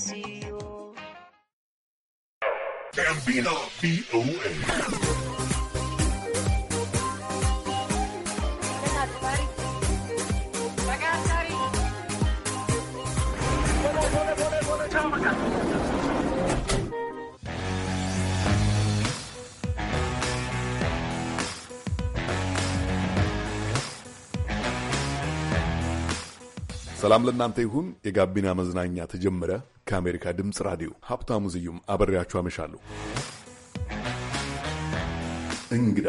ሲዩ ቪኦኤ ሰላም ለእናንተ ይሁን። የጋቢና መዝናኛ ተጀመረ። ከአሜሪካ ድምፅ ራዲዮ ሀብታሙ ዝዩም አበሬያችሁ አመሻለሁ። እንግዳ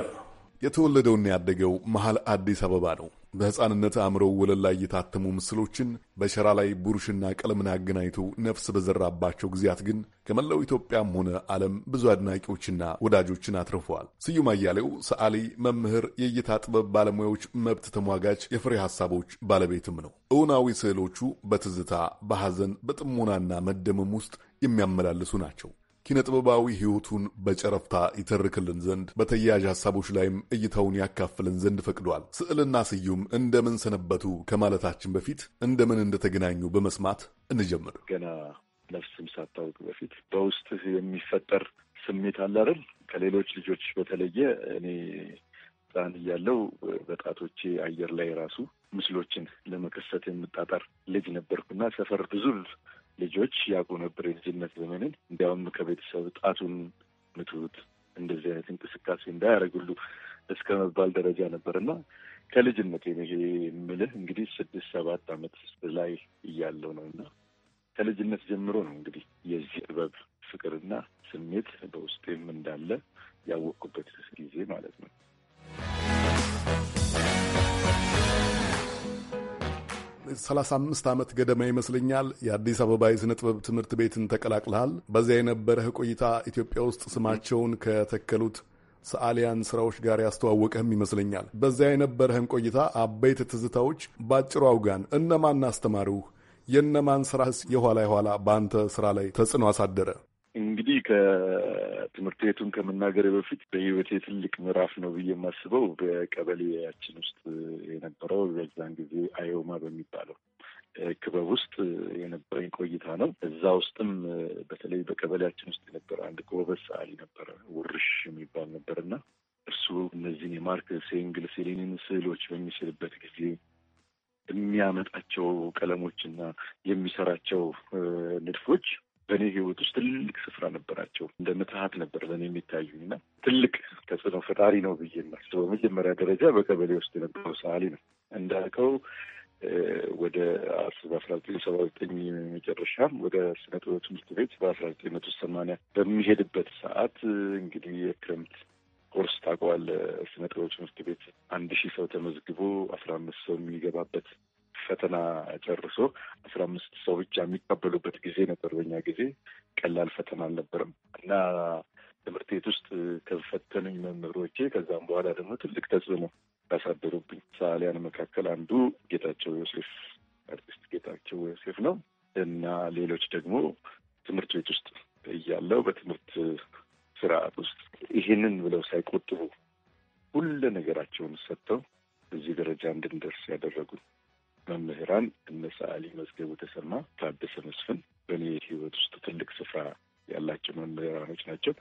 የተወለደውና ያደገው መሀል አዲስ አበባ ነው። በሕፃንነት አእምሮው ወለል ላይ የታተሙ ምስሎችን በሸራ ላይ ብሩሽና ቀለምን አገናኝቶ ነፍስ በዘራባቸው ጊዜያት ግን ከመላው ኢትዮጵያም ሆነ ዓለም ብዙ አድናቂዎችና ወዳጆችን አትርፈዋል። ስዩም አያሌው ሰዓሊ፣ መምህር፣ የእይታ ጥበብ ባለሙያዎች መብት ተሟጋች፣ የፍሬ ሐሳቦች ባለቤትም ነው። እውናዊ ስዕሎቹ በትዝታ በሐዘን በጥሞናና መደመም ውስጥ የሚያመላልሱ ናቸው። ኪነጥበባዊ ሕይወቱን በጨረፍታ ይተርክልን ዘንድ በተያያዥ ሀሳቦች ላይም እይታውን ያካፍልን ዘንድ ፈቅዷል። ስዕልና ስዩም እንደምን ሰነበቱ ከማለታችን በፊት እንደምን እንደተገናኙ በመስማት እንጀምር። ገና ነፍስም ሳታውቅ በፊት በውስጥህ የሚፈጠር ስሜት አለ አይደል? ከሌሎች ልጆች በተለየ እኔ ሕፃን እያለሁ በጣቶቼ አየር ላይ ራሱ ምስሎችን ለመከሰት የምጣጠር ልጅ ነበርኩና ሰፈር ብዙ ልጆች ያውቁ ነበር የልጅነት ዘመንን። እንዲያውም ከቤተሰብ ጣቱን ምቱት እንደዚህ አይነት እንቅስቃሴ እንዳያደርግሉ እስከ መባል ደረጃ ነበር እና ከልጅነት ይሄ የምልህ እንግዲህ ስድስት ሰባት ዓመት ላይ እያለው ነው እና ከልጅነት ጀምሮ ነው እንግዲህ የዚህ ጥበብ ፍቅርና ስሜት በውስጤም እንዳለ ያወቅኩበት ጊዜ ማለት ነው። 35 ዓመት ገደማ ይመስለኛል የአዲስ አበባ የሥነ ጥበብ ትምህርት ቤትን ተቀላቅለሃል። በዚያ የነበረህ ቆይታ ኢትዮጵያ ውስጥ ስማቸውን ከተከሉት ሰዓሊያን ስራዎች ጋር ያስተዋወቀህም ይመስለኛል። በዚያ የነበረህን ቆይታ አበይት ትዝታዎች በአጭሩ አውጋን። እነማን አስተማሩህ? የእነማን ስራስ የኋላ የኋላ በአንተ ስራ ላይ ተጽዕኖ አሳደረ? እንግዲህ ከትምህርት ቤቱን ከመናገር በፊት በህይወቴ ትልቅ ምዕራፍ ነው ብዬ የማስበው በቀበሌያችን ውስጥ የነበረው በዛን ጊዜ አዮማ በሚባለው ክበብ ውስጥ የነበረኝ ቆይታ ነው። እዛ ውስጥም በተለይ በቀበሌያችን ውስጥ የነበረ አንድ ጎበዝ ሰዓሊ ነበረ፣ ውርሽ የሚባል ነበር እና እርሱ እነዚህን የማርክስ የእንግሊዝን ስዕሎች በሚስልበት ጊዜ የሚያመጣቸው ቀለሞችና የሚሰራቸው ንድፎች በእኔ ህይወት ውስጥ ትልቅ ስፍራ ነበራቸው። እንደ ምትሀት ነበር ለእኔ በእኔ እና ትልቅ ተጽዕኖ ፈጣሪ ነው ብዬ የማስበው በመጀመሪያ ደረጃ በቀበሌ ውስጥ የነበረው ሰዓሊ ነው እንዳልከው ወደ በአስራ ዘጠኝ ሰባ ዘጠኝ መጨረሻ ወደ ስነ ጥበብ ትምህርት ቤት በአስራ ዘጠኝ መቶ ሰማንያ በሚሄድበት ሰዓት እንግዲህ የክረምት ኮርስ ታውቀዋለህ። ስነ ጥበብ ትምህርት ቤት አንድ ሺህ ሰው ተመዝግቦ አስራ አምስት ሰው የሚገባበት ፈተና ጨርሶ አስራ አምስት ሰው ብቻ የሚቀበሉበት ጊዜ ነበር። በኛ ጊዜ ቀላል ፈተና አልነበረም እና ትምህርት ቤት ውስጥ ከፈተኑኝ መምህሮቼ ከዛም በኋላ ደግሞ ትልቅ ተጽዕኖ ያሳደሩብኝ ሰዓሊያን መካከል አንዱ ጌታቸው ዮሴፍ አርቲስት ጌታቸው ዮሴፍ ነው እና ሌሎች ደግሞ ትምህርት ቤት ውስጥ እያለው በትምህርት ስርዓት ውስጥ ይህንን ብለው ሳይቆጥቡ ሁሉ ነገራቸውን ሰጥተው እዚህ ደረጃ እንድንደርስ ያደረጉን መምህራን እነ ሰዓሊ መዝገቡ ተሰማ፣ ታደሰ መስፍን በእኔ ህይወት ውስጥ ትልቅ ስፍራ ያላቸው መምህራኖች ናቸው።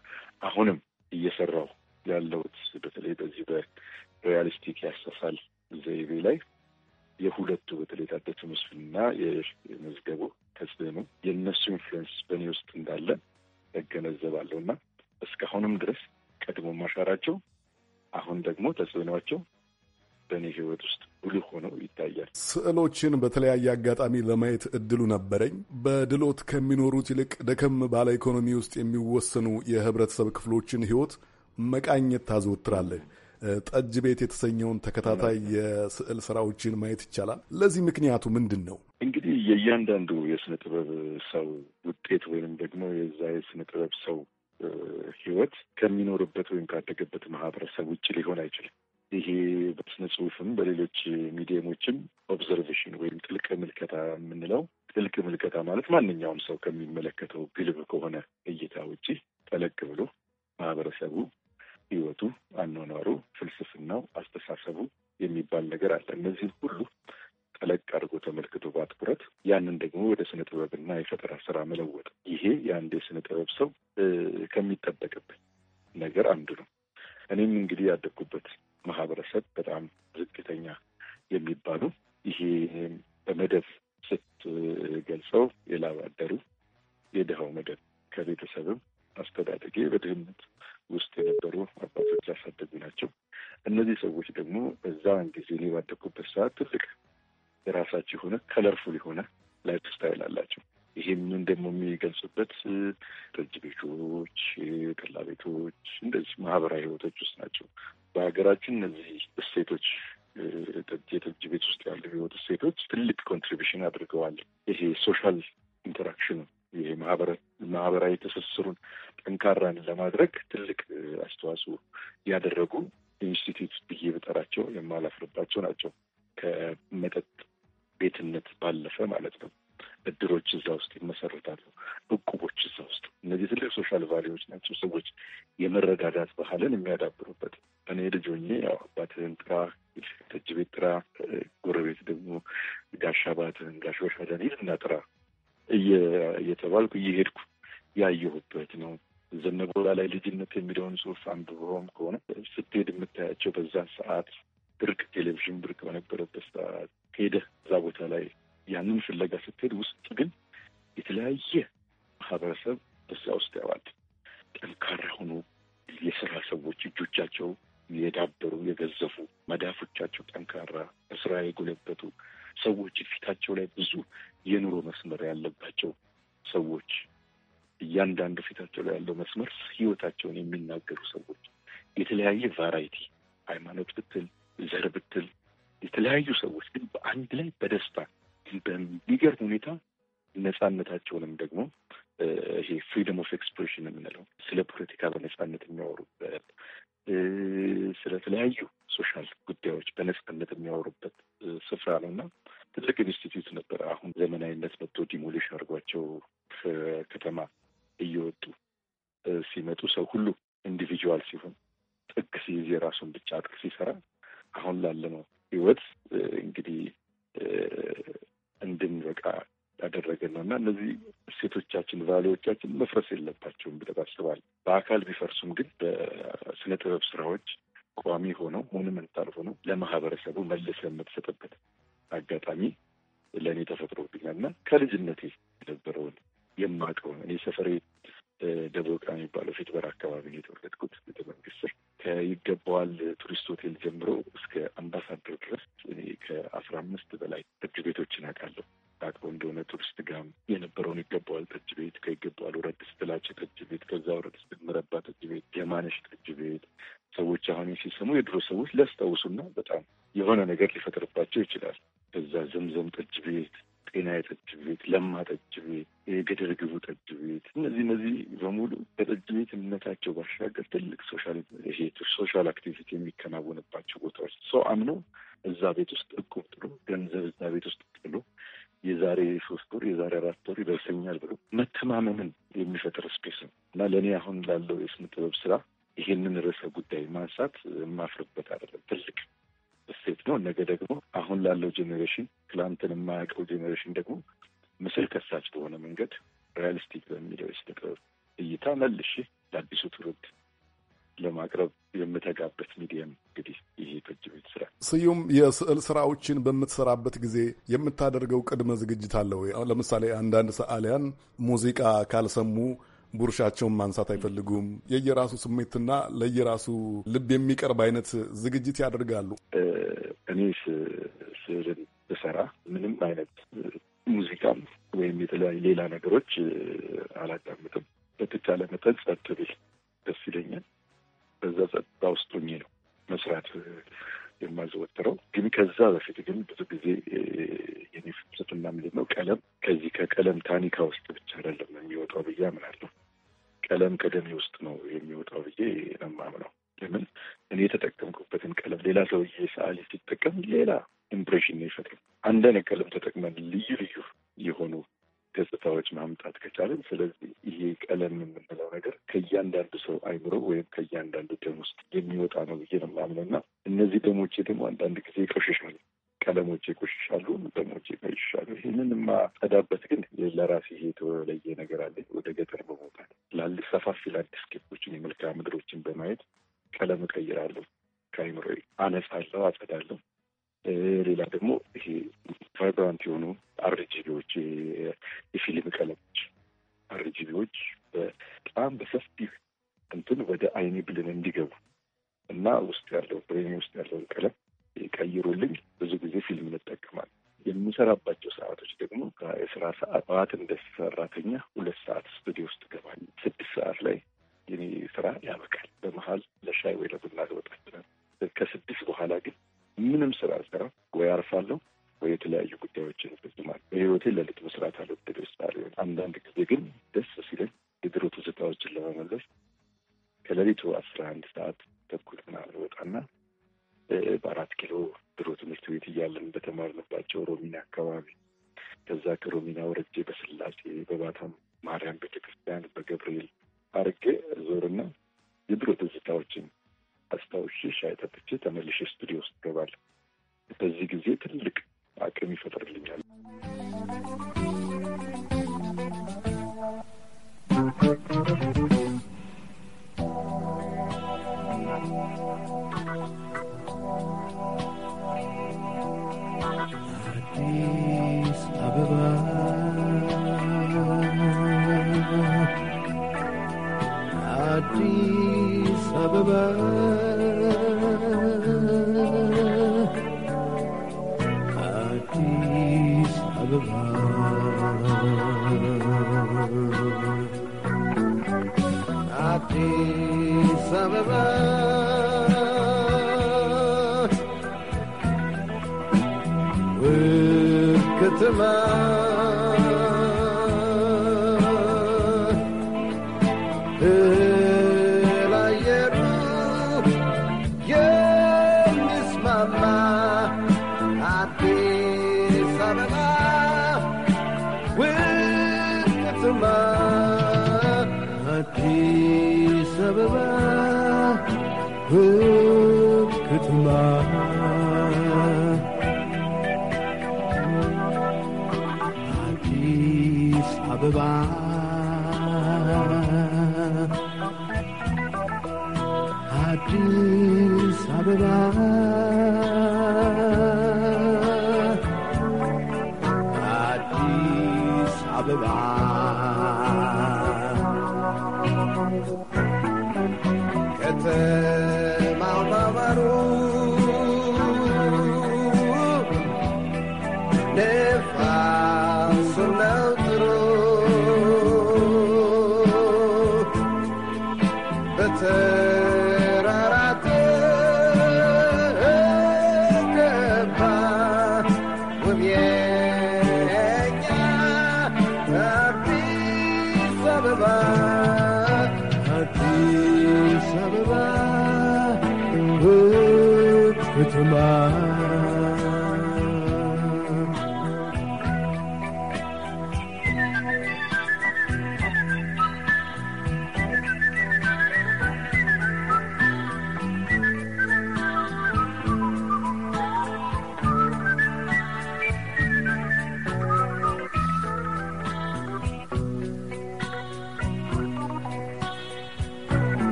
አሁንም እየሰራው ያለሁት በተለይ በዚህ በሪያሊስቲክ ያሳሳል ዘይቤ ላይ የሁለቱ በተለይ ታደሰ መስፍንና የመዝገቡ ተጽዕኖ የእነሱ ኢንፍሉዌንስ በእኔ ውስጥ እንዳለ እገነዘባለሁ እና እስካሁንም ድረስ ቀድሞ ማሻራቸው አሁን ደግሞ ተጽዕኗቸው በእኔ ህይወት ውስጥ ጉልህ ሆነው ይታያል። ስዕሎችን በተለያየ አጋጣሚ ለማየት እድሉ ነበረኝ። በድሎት ከሚኖሩት ይልቅ ደከም ባለ ኢኮኖሚ ውስጥ የሚወሰኑ የህብረተሰብ ክፍሎችን ህይወት መቃኘት ታዘወትራለህ። ጠጅ ቤት የተሰኘውን ተከታታይ የስዕል ስራዎችን ማየት ይቻላል። ለዚህ ምክንያቱ ምንድን ነው? እንግዲህ የእያንዳንዱ የስነ ጥበብ ሰው ውጤት ወይም ደግሞ የዛ የስነ ጥበብ ሰው ህይወት ከሚኖርበት ወይም ካደገበት ማህበረሰብ ውጭ ሊሆን አይችልም። ይሄ በስነ ጽሁፍም በሌሎች ሚዲየሞችም ኦብዘርቬሽን ወይም ጥልቅ ምልከታ የምንለው ጥልቅ ምልከታ ማለት ማንኛውም ሰው ከሚመለከተው ግልብ ከሆነ እይታ ውጪ ጠለቅ ብሎ ማህበረሰቡ፣ ህይወቱ፣ አኗኗሩ፣ ፍልስፍናው፣ አስተሳሰቡ የሚባል ነገር አለ። እነዚህ ሁሉ ጠለቅ አድርጎ ተመልክቶ በአትኩረት ያንን ደግሞ ወደ ስነ ጥበብና የፈጠራ ስራ መለወጥ ይሄ የአንድ የስነ ጥበብ ሰው ከሚጠበቅበት ነገር አንዱ ነው። እኔም እንግዲህ ያደግኩበት ማህበረሰብ በጣም ዝቅተኛ የሚባሉ ይሄ በመደብ ስትገልጸው የላብ አደሩ የድሃው መደብ ከቤተሰብም አስተዳደጌ በድህነት ውስጥ የነበሩ አባቶች ያሳደጉ ናቸው። እነዚህ ሰዎች ደግሞ በዛን ጊዜ እኔ ባደኩበት ሰዓት ትልቅ የራሳቸው የሆነ ከለርፉል የሆነ ላይፍ ስታይል አላቸው። ይህንን ደግሞ የሚገልጹበት ጠጅ ቤቶች፣ ጠላ ቤቶች እንደዚህ ማህበራዊ ህይወቶች ውስጥ ናቸው። በሀገራችን እነዚህ እሴቶች የጠጅ ቤት ውስጥ ያሉ ህይወት እሴቶች ትልቅ ኮንትሪቢሽን አድርገዋል። ይሄ ሶሻል ኢንተራክሽኑ ይሄ ማህበራዊ ትስስሩን ጠንካራን ለማድረግ ትልቅ አስተዋጽኦ ያደረጉ ኢንስቲትዩት ብዬ ብጠራቸው የማላፍርባቸው ናቸው። ከመጠጥ ቤትነት ባለፈ ማለት ነው። እድሮች እዛ ውስጥ ይመሰረታሉ፣ እቁቦች እዛ ውስጥ። እነዚህ ትልቅ ሶሻል ቫሊዎች ናቸው፣ ሰዎች የመረዳዳት ባህልን የሚያዳብሩበት። እኔ ልጆኜ ያው አባትህን ጥራ፣ ተጅ ቤት ጥራ፣ ጎረቤት ደግሞ ጋሻ ባትህን ጋሻ ወሻዳን ሂድና ጥራ እየተባልኩ እየሄድኩ ያየሁበት ነው። ዘነጎላ ላይ ልጅነት የሚለውን ጽሑፍ አንብበውም ከሆነ ስትሄድ የምታያቸው በዛ ሰዓት ብርቅ ቴሌቪዥን ብርቅ በነበረበት ሰዓት ሄደህ እዛ ቦታ ላይ ያንን ፍለጋ ስትሄድ ውስጥ ግን የተለያየ ማህበረሰብ በዛ ውስጥ ያዋል። ጠንካራ ሆኖ የስራ ሰዎች እጆቻቸው የዳበሩ የገዘፉ፣ መዳፎቻቸው ጠንካራ በስራ የጎለበቱ ሰዎች ፊታቸው ላይ ብዙ የኑሮ መስመር ያለባቸው ሰዎች እያንዳንዱ ፊታቸው ላይ ያለው መስመር ህይወታቸውን የሚናገሩ ሰዎች የተለያየ ቫራይቲ ሃይማኖት ብትል ዘር ብትል የተለያዩ ሰዎች ግን በአንድ ላይ በደስታ በሚገርም ሁኔታ ነጻነታቸውንም ደግሞ ይሄ ፍሪደም ኦፍ ኤክስፕሬሽን የምንለው ስለ ፖለቲካ በነጻነት የሚያወሩበት ስለተለያዩ ሶሻል ጉዳዮች በነጻነት የሚያወሩበት ስፍራ ነው እና ትልቅ ኢንስቲትዩት ነበር። አሁን ዘመናዊነት መጥቶ ዲሞሊሽ አድርጓቸው ከተማ እየወጡ ሲመጡ ሰው ሁሉ ኢንዲቪጁዋል ሲሆን ጥግ ሲይዝ የራሱን ብቻ ጥግ ሲሰራ አሁን ላለነው ህይወት እንግዲህ እንድንበቃ ያደረገ ነው እና እነዚህ እሴቶቻችን ቫሌዎቻችን መፍረስ የለባቸውም ብዬ አስባል። በአካል ቢፈርሱም ግን በስነ ጥበብ ስራዎች ቋሚ ሆነው ሞኑመንታል ሆነው ለማህበረሰቡ መልስ የምትሰጥበት አጋጣሚ ለእኔ ተፈጥሮብኛል እና ከልጅነቴ የነበረውን የማውቀውን እኔ ሰፈሬ ደብረ ብርሃን የሚባለው ፌትበር አካባቢ የተወለድኩት ቤተ መንግስት ስር ከይገባዋል ቱሪስት ሆቴል ጀምሮ እስከ አምባሳደር ድረስ እኔ ከአስራ አምስት በላይ ጠጅ ቤቶችን አውቃለሁ። አቅቦ እንደሆነ ቱሪስት ጋም የነበረውን ይገባዋል ጠጅ ቤት፣ ከይገባዋል ውረድ ስትላቸ ጠጅ ቤት፣ ከዛ ውረድ ስትል ጠጅ ቤት፣ የማነሽ ጠጅ ቤት ሰዎች አሁን ሲሰሙ የድሮ ሰዎች ሊያስታውሱና በጣም የሆነ ነገር ሊፈጥርባቸው ይችላል። ከዛ ዘምዘም ጠጅ ቤት ጤና የጠጅ ቤት፣ ለማ ጠጅ ቤት፣ የገደር ግቡ ጠጅ ቤት እነዚህ እነዚህ በሙሉ ከጠጅ ቤትነታቸው ባሻገር ትልቅ ሶሻል ሶሻል አክቲቪቲ የሚከናወንባቸው ቦታዎች ሰው አምኖ እዛ ቤት ውስጥ እቁብ ጥሎ ገንዘብ እዛ ቤት ውስጥ ጥሎ የዛሬ ሶስት ወር የዛሬ አራት ወር ይደርሰኛል ብሎ መተማመንን የሚፈጥር ስፔስ ነው እና ለእኔ አሁን ላለው የስነ ጥበብ ስራ ይሄንን ርዕሰ ጉዳይ ማንሳት የማፍርበት አይደለም። ትልቅ እሴት ነው። ነገ ደግሞ አሁን ላለው ጄኔሬሽን፣ ትላንትን የማያውቀው ጄኔሬሽን ደግሞ ምስል ከሳች በሆነ መንገድ ሪያሊስቲክ በሚለው የስነጥበብ እይታ መልሼ ለአዲሱ ትውልድ ለማቅረብ የምተጋበት ሚዲየም እንግዲህ ይሄ በእጅ ቤት ስራ። ስዩም፣ የስዕል ስራዎችን በምትሰራበት ጊዜ የምታደርገው ቅድመ ዝግጅት አለ ወይ? ለምሳሌ አንዳንድ ሰዓሊያን ሙዚቃ ካልሰሙ ቡርሻቸውን ማንሳት አይፈልጉም። የየራሱ ስሜትና ለየራሱ ልብ የሚቀርብ አይነት ዝግጅት ያደርጋሉ። እኔ ስዕልን ብሰራ ምንም አይነት ሙዚቃም ወይም የተለያዩ ሌላ ነገሮች አላዳምጥም። በተቻለ መጠን ጸጥ ብል ደስ ይለኛል። በዛ ጸጥታ ውስጥ ሆኜ ነው መስራት የማዘወትረው። ግን ከዛ በፊት ግን ብዙ ጊዜ የኔ ፍልስፍና ምንድን ነው ቀለም ከዚህ ከቀለም ታኒካ ውስጥ ብቻ አይደለም የሚወጣው ብዬ አምናለሁ። ቀለም ከደሜ ውስጥ ነው የሚወጣው ብዬ ነው የማምነው። ለምን እኔ የተጠቀምኩበትን ቀለም ሌላ ሰውዬ ሰዓሊ ሲጠቀም ሌላ ኢምፕሬሽን ነው ይፈጥሩ። አንድ አይነት ቀለም ተጠቅመን ልዩ ልዩ የሆኑ ገጽታዎች ማምጣት ከቻለን፣ ስለዚህ ይሄ ቀለም የምንለው ነገር ከእያንዳንዱ ሰው አይምሮ ወይም ከእያንዳንዱ ደም ውስጥ የሚወጣ ነው ብዬ ነው የማምነው እና እነዚህ ደሞቼ ደግሞ አንዳንድ ጊዜ ይቆሽሻሉ። ቀለሞች ቆሽሻሉ፣ ደሞች ቀይሻሉ። ይህንን የማጸዳበት ግን ለራሴ ይሄ የተለየ ነገር አለ። ወደ ገጠር በመውጣት ላል ሰፋፊ ላንድስኬፖችን የመልክዓ ምድሮችን በማየት ቀለም እቀይራለሁ። ከአይምሮ አነሳለሁ፣ አጸዳለሁ። ሌላ ደግሞ ይሄ ቫይብራንት የሆኑ አርጂቢዎች የፊልም ቀለሞች አርጂቢዎች በጣም በሰፊ እንትን ወደ አይኔ ብልን እንዲገቡ እና ውስጥ ያለው ብሬን ውስጥ ያለውን ቀለም ቀይሩልኝ። ብዙ ጊዜ ፊልም እንጠቀማል። የምሰራባቸው ሰዓቶች ደግሞ የስራ ሰዓት ጠዋት እንደ ሰራተኛ ሁለት ሰዓት ስቱዲዮ ውስጥ ገባል። ስድስት ሰዓት ላይ የኔ ስራ ያበቃል። በመሀል ለሻይ ወይ ለቡና ልወጣ ከስድስት በኋላ ግን ምንም ስራ አልሰራም። ወይ አርፋለሁ ወይ የተለያዩ ጉዳዮችን እፈጽማለሁ። በህይወቴ ለልጥ መስራት አልወደድም። ስታሪ አንዳንድ ጊዜ ግን ደስ ሲለኝ የድሮ ትዝታዎችን ለመመለስ ከሌሊቱ አስራ አንድ ሰዓት ተኩል ምናምን ወጣና በአራት ኪሎ ድሮ ትምህርት ቤት እያለን በተማርንባቸው ሮሚና አካባቢ ከዛ ከሮሚና ወረጄ በስላሴ በባታ ማርያም ቤተክርስቲያን በገብርኤል አርጌ ዞርና የድሮ ትዝታዎችን አስታውሼ ሻይ ጠጥቼ ተመልሼ ስቱዲዮ ውስጥ እገባለሁ። በዚህ ጊዜ ትልቅ አቅም ይፈጥርልኛል። With when after peace of a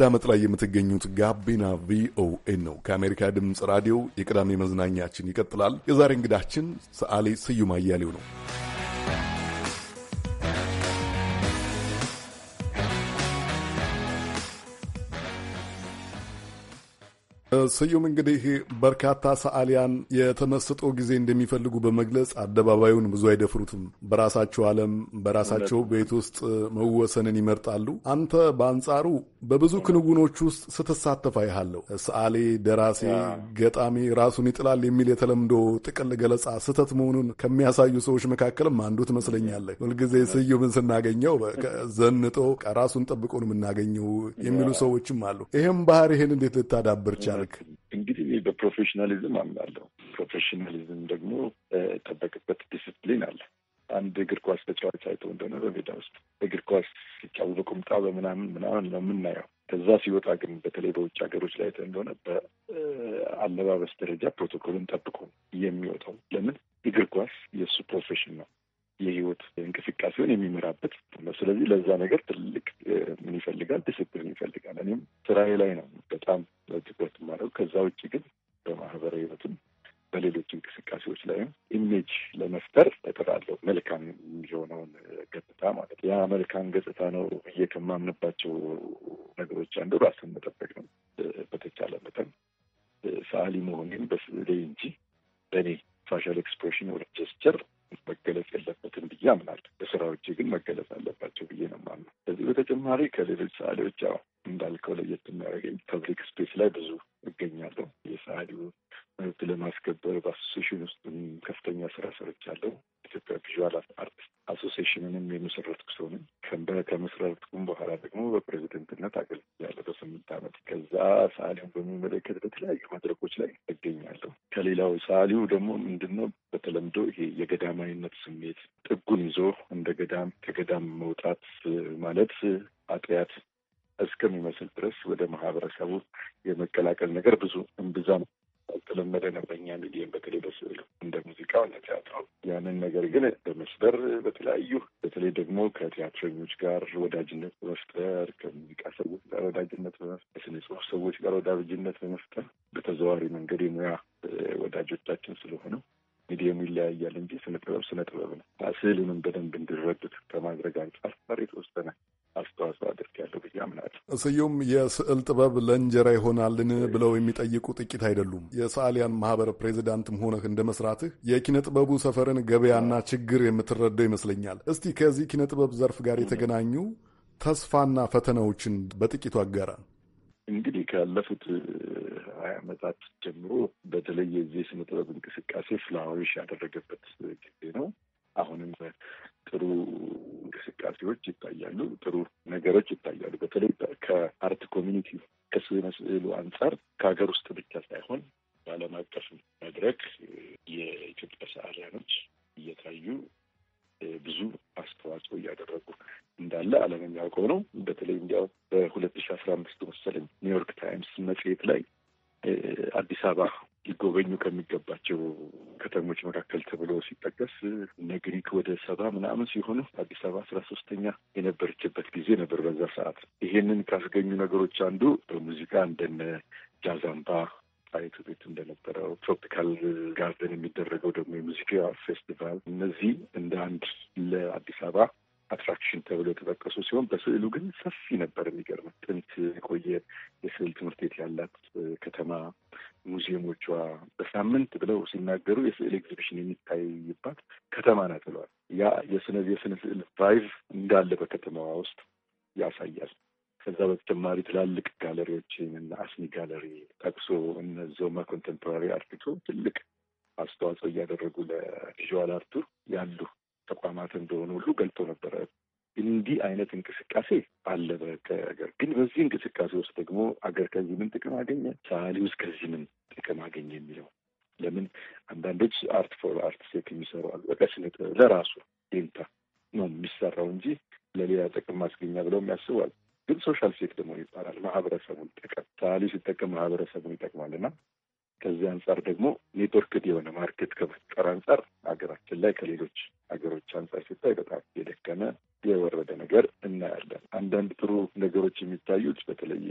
በማዳመጥ ላይ የምትገኙት ጋቢና ቪኦኤ ነው ከአሜሪካ ድምፅ ራዲዮ። የቅዳሜ መዝናኛችን ይቀጥላል። የዛሬ እንግዳችን ሰዓሊ ስዩም አያሌው ነው። ስዩም እንግዲህ በርካታ ሰዓሊያን የተመስጦ ጊዜ እንደሚፈልጉ በመግለጽ አደባባዩን ብዙ አይደፍሩትም። በራሳቸው ዓለም በራሳቸው ቤት ውስጥ መወሰንን ይመርጣሉ። አንተ በአንጻሩ በብዙ ክንውኖች ውስጥ ስትሳተፍ አይሃለሁ። ሰዓሌ፣ ደራሴ፣ ገጣሚ ራሱን ይጥላል የሚል የተለምዶ ጥቅል ገለጻ ስህተት መሆኑን ከሚያሳዩ ሰዎች መካከልም አንዱ ትመስለኛለህ። ሁልጊዜ ስዩምን ስናገኘው ዘንጦ ራሱን ጠብቆ ነው የምናገኘው የሚሉ ሰዎችም አሉ። ይህም ባህሪህን እንዴት ልታዳብር ቻል? አልመክርም። እንግዲህ በፕሮፌሽናሊዝም አምናለሁ። ፕሮፌሽናሊዝም ደግሞ ጠበቅበት ዲስፕሊን አለ። አንድ እግር ኳስ ተጫዋች አይተው እንደሆነ በሜዳ ውስጥ እግር ኳስ ሲጫወት በቁምጣ በምናምን ምናምን ነው የምናየው። ከዛ ሲወጣ ግን በተለይ በውጭ ሀገሮች ላይ አይተህ እንደሆነ በአለባበስ ደረጃ ፕሮቶኮልን ጠብቆ የሚወጣው ለምን? እግር ኳስ የእሱ ፕሮፌሽን ነው። የህይወት እንቅስቃሴውን የሚመራበት ነው። ስለዚህ ለዛ ነገር ትልቅ ምን ይፈልጋል? ዲስፕሊን ይፈልጋል። እኔም ስራዬ ላይ ነው በጣም ትኩረት ማድረግ። ከዛ ውጭ ግን በማህበራዊ ህይወትም በሌሎች እንቅስቃሴዎች ላይም ኢሜጅ ለመፍጠር እጥራለሁ። መልካም የሆነውን ገጽታ ማለት ያ መልካም ገጽታ ነው ብዬ ከማምንባቸው ነገሮች አንዱ ራስን መጠበቅ ነው። በተቻለ መጠን ሰዓሊ መሆኔን በስዕሌ እንጂ በእኔ ፋሻል ኤክስፕሬሽን ወደ ጀስቸር መገለጽ የለበትም ብዬ አምናለሁ። በስራዎቼ ግን መገለጽ አለባቸው ብዬ ነው የማምነው። ከዚህ በተጨማሪ ከሌሎች ሰዓሊዎች ያው እንዳልከው ለየት የሚያደርገኝ ፐብሊክ ስፔስ ላይ ብዙ እገኛለሁ። የሰዓሊው መብት ለማስከበር በአሶሴሽን ውስጥ ከፍተኛ ስራ ሰርቻለሁ። ኢትዮጵያ ቪዥዋል አርት አሶሴሽንንም የመሰረትኩ ሰው ነኝ። ከመስረትኩም በኋላ ደግሞ በፕሬዚደንትነት አገልግያለሁ በስምንት ዓመት። ከዛ ሰዓሊውን በሚመለከት በተለያዩ መድረኮች ላይ እገኛለሁ። ከሌላው ሰዓሊው ደግሞ ምንድን ነው በተለምዶ ይሄ የገዳማዊነት ስሜት ጥጉን ይዞ እንደ ገዳም ከገዳም መውጣት ማለት አጥያት እስከሚመስል ድረስ ወደ ማህበረሰቡ የመቀላቀል ነገር ብዙ እምብዛም ያልተለመደ ነው በእኛ ሚዲየም በተለይ በስዕሉ እንደ ሙዚቃው እንደ ቲያትሮ ያንን ነገር ግን በመስበር በተለያዩ በተለይ ደግሞ ከቲያትረኞች ጋር ወዳጅነት በመፍጠር ከሙዚቃ ሰዎች ጋር ወዳጅነት በመፍጠር ከስነ ጽሁፍ ሰዎች ጋር ወዳጅነት በመፍጠር በተዘዋዋሪ መንገድ የሙያ ወላጆቻችን ስለሆነ ሚዲየሙ ይለያያል እንጂ ስነ ጥበብ ስነ ጥበብ ነው። ስዕሉንም በደንብ እንዲረዱት ከማድረግ አንጻር ፈር የተወሰነ አስተዋጽኦ አድርጌያለሁ ብዬ አምናለሁ። እስዩም የስዕል ጥበብ ለእንጀራ ይሆናልን ብለው የሚጠይቁ ጥቂት አይደሉም። የሰዓሊያን ማህበር ፕሬዚዳንትም ሆነህ እንደ መስራትህ የኪነ ጥበቡ ሰፈርን ገበያና ችግር የምትረዳው ይመስለኛል። እስቲ ከዚህ ኪነ ጥበብ ዘርፍ ጋር የተገናኙ ተስፋና ፈተናዎችን በጥቂቱ አጋራ። እንግዲህ ካለፉት ሀያ አመታት ጀምሮ በተለይ የዚህ ስነ ጥበብ እንቅስቃሴ ፍላዋሪሽ ያደረገበት ጊዜ ነው። አሁንም ጥሩ እንቅስቃሴዎች ይታያሉ፣ ጥሩ ነገሮች ይታያሉ። በተለይ ከአርት ኮሚኒቲ ከስዕል መስዕሉ አንጻር ከሀገር ውስጥ ብቻ ሳይሆን በዓለም አቀፍ መድረክ የኢትዮጵያ ሰዓሊያኖች እየታዩ ብዙ አስተዋጽኦ እያደረጉ እንዳለ ዓለም የሚያውቀው ነው። በተለይ እንዲያው በሁለት ሺ አስራ አምስት መሰለኝ ኒውዮርክ ታይምስ መጽሔት ላይ አዲስ አበባ ሊጎበኙ ከሚገባቸው ከተሞች መካከል ተብሎ ሲጠቀስ እነ ግሪክ ወደ ሰባ ምናምን ሲሆኑ አዲስ አበባ አስራ ሶስተኛ የነበረችበት ጊዜ ነበር በዛ ሰዓት። ይሄንን ካስገኙ ነገሮች አንዱ በሙዚቃ እንደነ ጃዛምባ ጣይቱ ቤት እንደነበረው ትሮፒካል ጋርደን የሚደረገው ደግሞ የሙዚቃ ፌስቲቫል እነዚህ እንደ አንድ ለአዲስ አበባ አትራክሽን ተብሎ የተጠቀሱ ሲሆን በስዕሉ ግን ሰፊ ነበር። የሚገርም ጥንት የቆየ የስዕል ትምህርት ቤት ያላት ከተማ ሙዚየሞቿ በሳምንት ብለው ሲናገሩ የስዕል ኤግዚቢሽን የሚታይባት ከተማ ናት ብለዋል። ያ የስነ የስነ ስዕል ቫይቭ እንዳለ በከተማዋ ውስጥ ያሳያል። ከዛ በተጨማሪ ትላልቅ ጋለሪዎችን እና አስኒ ጋለሪ ጠቅሶ እነ ዞማ ኮንቴምፖራሪ አርቲቶ ትልቅ አስተዋጽኦ እያደረጉ ለቪዥዋል አርቱ ያሉ ተቋማት እንደሆኑ ሁሉ ገልጦ ነበረ። እንዲህ አይነት እንቅስቃሴ አለ በሀገር። ግን በዚህ እንቅስቃሴ ውስጥ ደግሞ አገር ከዚህ ምን ጥቅም አገኘ፣ ሳሊ ውስጥ ከዚህ ምን ጥቅም አገኘ የሚለው ለምን አንዳንዶች አርት ፎር አርት ሴክ የሚሰሩ አሉ። በቃ ስነ ጥበብ ለራሱ ዴንታ ነው የሚሰራው እንጂ ለሌላ ጥቅም ማስገኛ ብለው የሚያስቡ አሉ። ግን ሶሻል ሴት ደግሞ ይባላል። ማህበረሰቡን ጠቀም ሰዓሊ ሲጠቀም ማህበረሰቡን ይጠቅማል እና ከዚህ አንጻር ደግሞ ኔትወርክድ የሆነ ማርኬት ከመፍጠር አንጻር ሀገራችን ላይ ከሌሎች ሀገሮች አንጻር ሲታይ በጣም የደከመ የወረደ ነገር እናያለን። አንዳንድ ጥሩ ነገሮች የሚታዩት በተለይ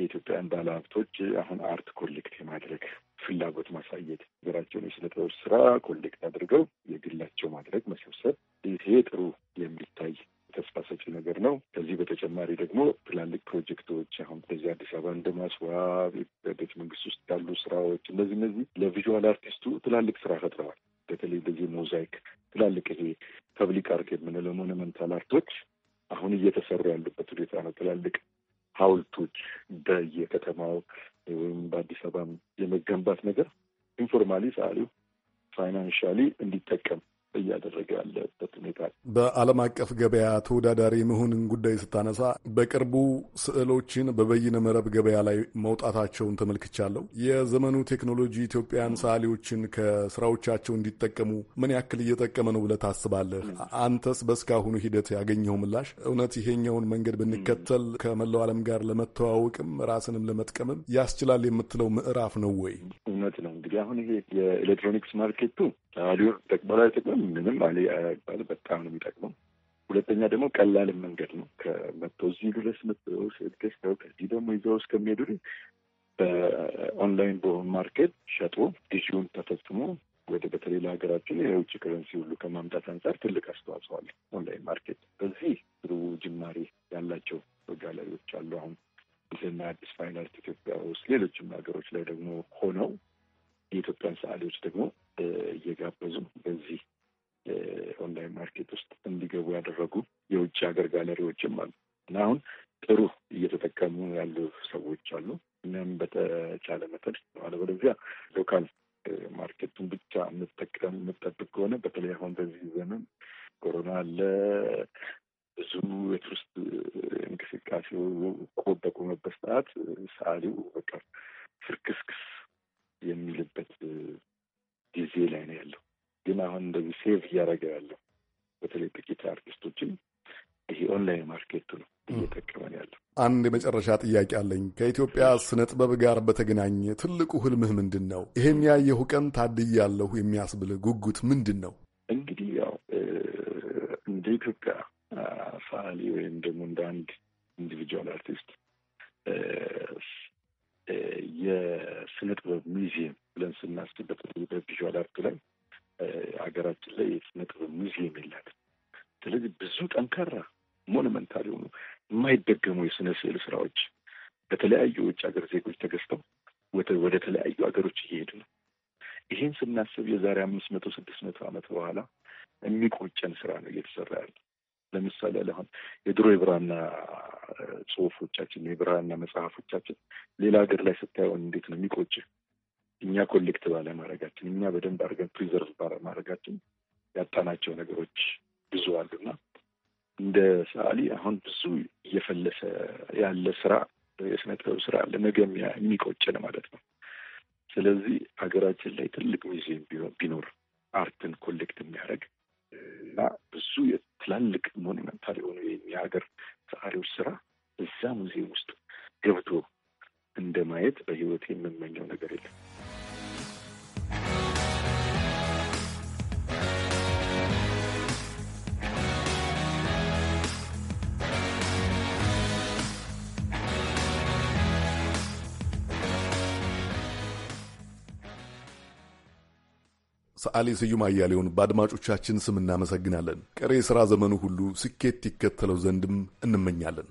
የኢትዮጵያን ባለሀብቶች አሁን አርት ኮሌክት የማድረግ ፍላጎት ማሳየት፣ ሀገራቸውን የስነ ጥበብ ስራ ኮሌክት አድርገው የግላቸው ማድረግ መሰብሰብ፣ ይሄ ጥሩ የሚታይ ተስፋ ሰጪ ነገር ነው። ከዚህ በተጨማሪ ደግሞ ትላልቅ ፕሮጀክቶች አሁን በዚህ አዲስ አበባ እንደማስዋብ ማስዋብ፣ መንግስት ውስጥ ያሉ ስራዎች እነዚህ እነዚህ ለቪዥዋል አርቲስቱ ትላልቅ ስራ ፈጥረዋል። በተለይ በዚህ ሞዛይክ ትላልቅ ይሄ ፐብሊክ አርት የምንለው ሞኑመንታል አርቶች አሁን እየተሰሩ ያሉበት ሁኔታ ነው። ትላልቅ ሀውልቶች በየከተማው ወይም በአዲስ አበባ የመገንባት ነገር ኢንፎርማሊ ሰዓሊው ፋይናንሻሊ እንዲጠቀም እያደረገ ያለበት ሁኔታ በዓለም አቀፍ ገበያ ተወዳዳሪ መሆንን ጉዳይ ስታነሳ በቅርቡ ስዕሎችን በበይነ መረብ ገበያ ላይ መውጣታቸውን ተመልክቻለሁ። የዘመኑ ቴክኖሎጂ ኢትዮጵያን ሰዓሊዎችን ከስራዎቻቸው እንዲጠቀሙ ምን ያክል እየጠቀመ ነው ብለህ ታስባለህ? አንተስ በእስካሁኑ ሂደት ያገኘው ምላሽ እውነት ይሄኛውን መንገድ ብንከተል ከመላው ዓለም ጋር ለመተዋወቅም ራስንም ለመጥቀምም ያስችላል የምትለው ምዕራፍ ነው ወይ? እውነት ነው እንግዲህ አሁን ይሄ የኤሌክትሮኒክስ ማርኬቱ ሰዓሊውን ይጠቅመላ ምንም አለ ያባል በጣም ነው የሚጠቅመው። ሁለተኛ ደግሞ ቀላል መንገድ ነው ከመቶ እዚህ ድረስ መጥተሽ ከዚህ ደግሞ ይዘው እስከሚሄዱ በኦንላይን ማርኬት ሸጦ ግዢውን ተፈጽሞ ወደ በተለይ ለሀገራችን የውጭ ከረንሲ ሁሉ ከማምጣት አንጻር ትልቅ አስተዋጽኦ አለ ኦንላይን ማርኬት። በዚህ ጥሩ ጅማሬ ያላቸው ጋለሪዎች አሉ አሁን ዘና አዲስ ፋይን አርት ኢትዮጵያ ውስጥ ሌሎችም ሀገሮች ላይ ደግሞ ሆነው የኢትዮጵያን ሰዓሊዎች ደግሞ እየጋበዙ በዚህ ያደረጉ የውጭ ሀገር ጋለሪዎችም አሉ። አንድ የመጨረሻ ጥያቄ አለኝ። ከኢትዮጵያ ስነ ጥበብ ጋር በተገናኘ ትልቁ ህልምህ ምንድን ነው? ይህን ያየሁ ቀን ታድያለሁ የሚያስብል ጉጉት ምንድን ነው? እንግዲህ ያው እንደ ኢትዮጵያ ሰዓሊ ወይም ደግሞ እንደ አንድ ኢንዲቪጁዋል አርቲስት የስነ ጥበብ ሚዚየም ብለን ስናስብ በተለይ በቪዥዋል አርት ላይ ሀገራችን ላይ የስነ ጥበብ ሚዚየም የላትም። ስለዚህ ብዙ ጠንካራ ሞኑመንታል የሆኑ የማይደገሙ የስነ ስዕል ስራዎች በተለያዩ ውጭ ሀገር ዜጎች ተገዝተው ወደ ተለያዩ ሀገሮች እየሄዱ ነው። ይህን ስናስብ የዛሬ አምስት መቶ ስድስት መቶ ዓመት በኋላ የሚቆጨን ስራ ነው እየተሰራ ያለ። ለምሳሌ አሁን የድሮ የብራና ጽሁፎቻችን፣ የብራና መጽሐፎቻችን ሌላ ሀገር ላይ ስታየውን እንዴት ነው የሚቆጭ። እኛ ኮሌክት ባለማድረጋችን፣ እኛ በደንብ አድርገን ፕሪዘርቭ ባለማድረጋችን ያጣናቸው ነገሮች ብዙ አሉና እንደ ሰዓሊ አሁን ብዙ እየፈለሰ ያለ ስራ የስነ ጥበብ ስራ ለመገሚያ የሚቆጭን ማለት ነው። ስለዚህ ሀገራችን ላይ ትልቅ ሙዚየም ቢኖር አርትን ኮሌክት የሚያደርግ እና ብዙ ትላልቅ ሞኒመንታል የሆኑ የሀገር ሰዓሊዎች ስራ እዛ ሙዚየም ውስጥ ገብቶ እንደማየት በህይወት የምመኘው ነገር የለም። ሰዓሊ ስዩም አያሌውን በአድማጮቻችን ስም እናመሰግናለን። ቀሪ የሥራ ዘመኑ ሁሉ ስኬት ይከተለው ዘንድም እንመኛለን።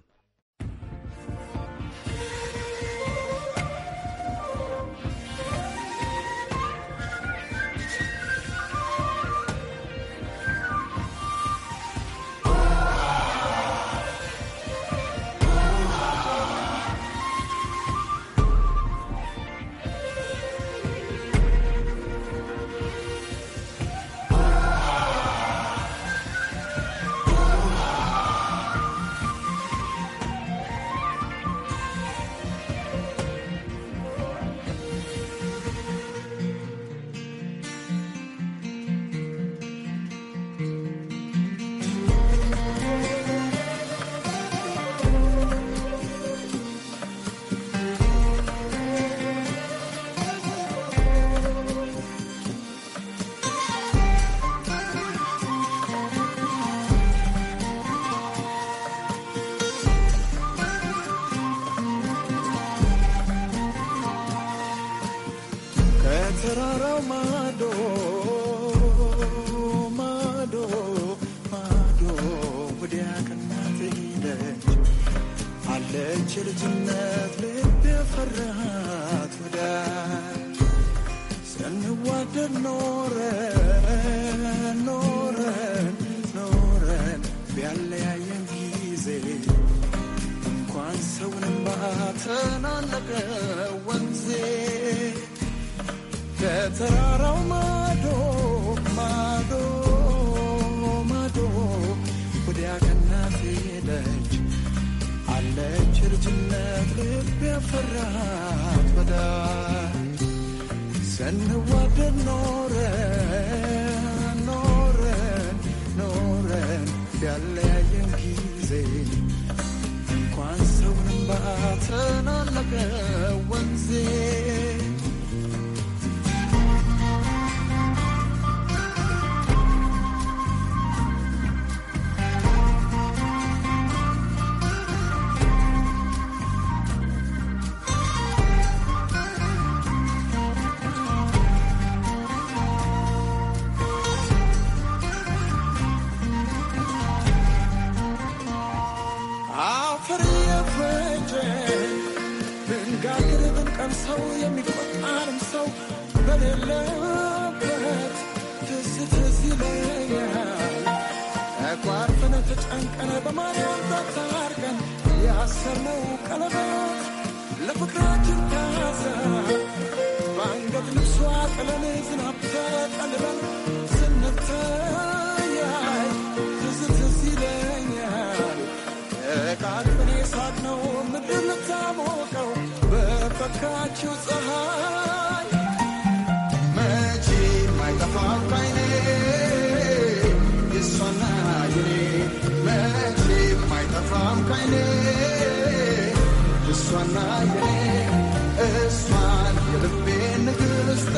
ፈራት ወዳይ ኖረን ያለያየን ጊዜ እንኳን ሰውንም በአተናነቀ ወንዜ የሚቆጣንም ሰው በሌለበት ትዝት ይለኛል። ተቋርፈን ተጨንቀን በማርያም ተታርቀን ያሰርነው ቀለበት ለፍቅራችን በአንገት ልብሷ ጥለን ዝናብ እባካችሁ ፀሐይ መቼ ማይጠፋው ካይኔ የሷና የኔ መቼ ማይጠፋው ካይኔ እሷና የኔ እሷን የልቤ ንግስት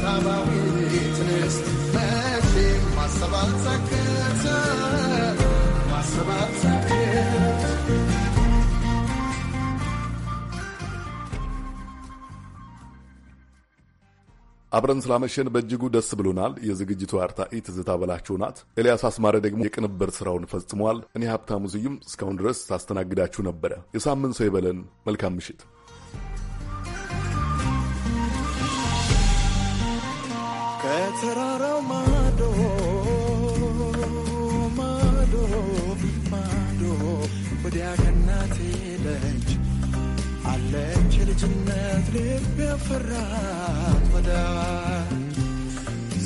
ሳባዊት ንስት መቼ ማሰባት ሳክት ማሰባት ሳክት አብረን ስላመሸን በእጅጉ ደስ ብሎናል። የዝግጅቱ አርታኢ ትዝታ በላቸው ናት። ኤልያስ አስማረ ደግሞ የቅንብር ስራውን ፈጽሟል። እኔ ሀብታሙ ስዩም እስካሁን ድረስ ታስተናግዳችሁ ነበረ። የሳምንት ሰው ይበለን። መልካም ምሽት። ከተራራው ማዶ ማዶ ማዶ ወዲያ ገናት አለች የልጅነት ልብ ያፈራት ወዳጅ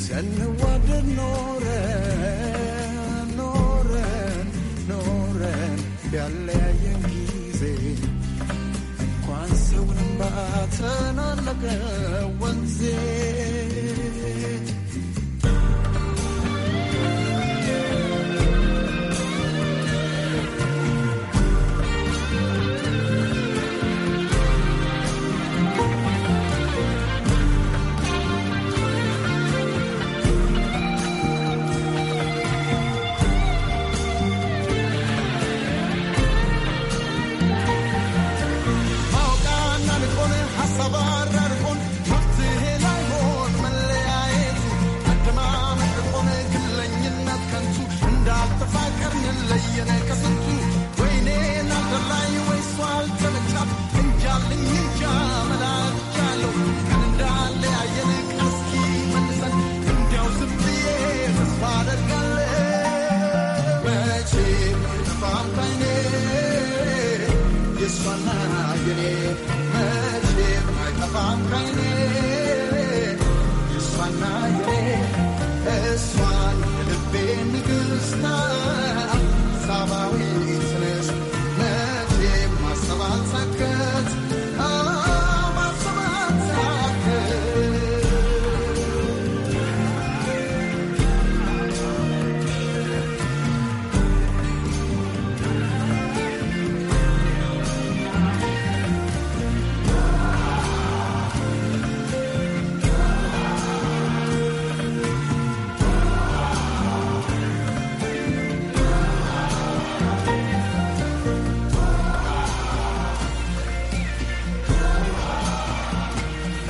ስንዋደድ ኖረን ኖረን ኖረን ያለያየን ጊዜ እንኳን ሰውንም ባተናለቀ ወንዜ